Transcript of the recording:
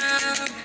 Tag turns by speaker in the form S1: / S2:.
S1: down.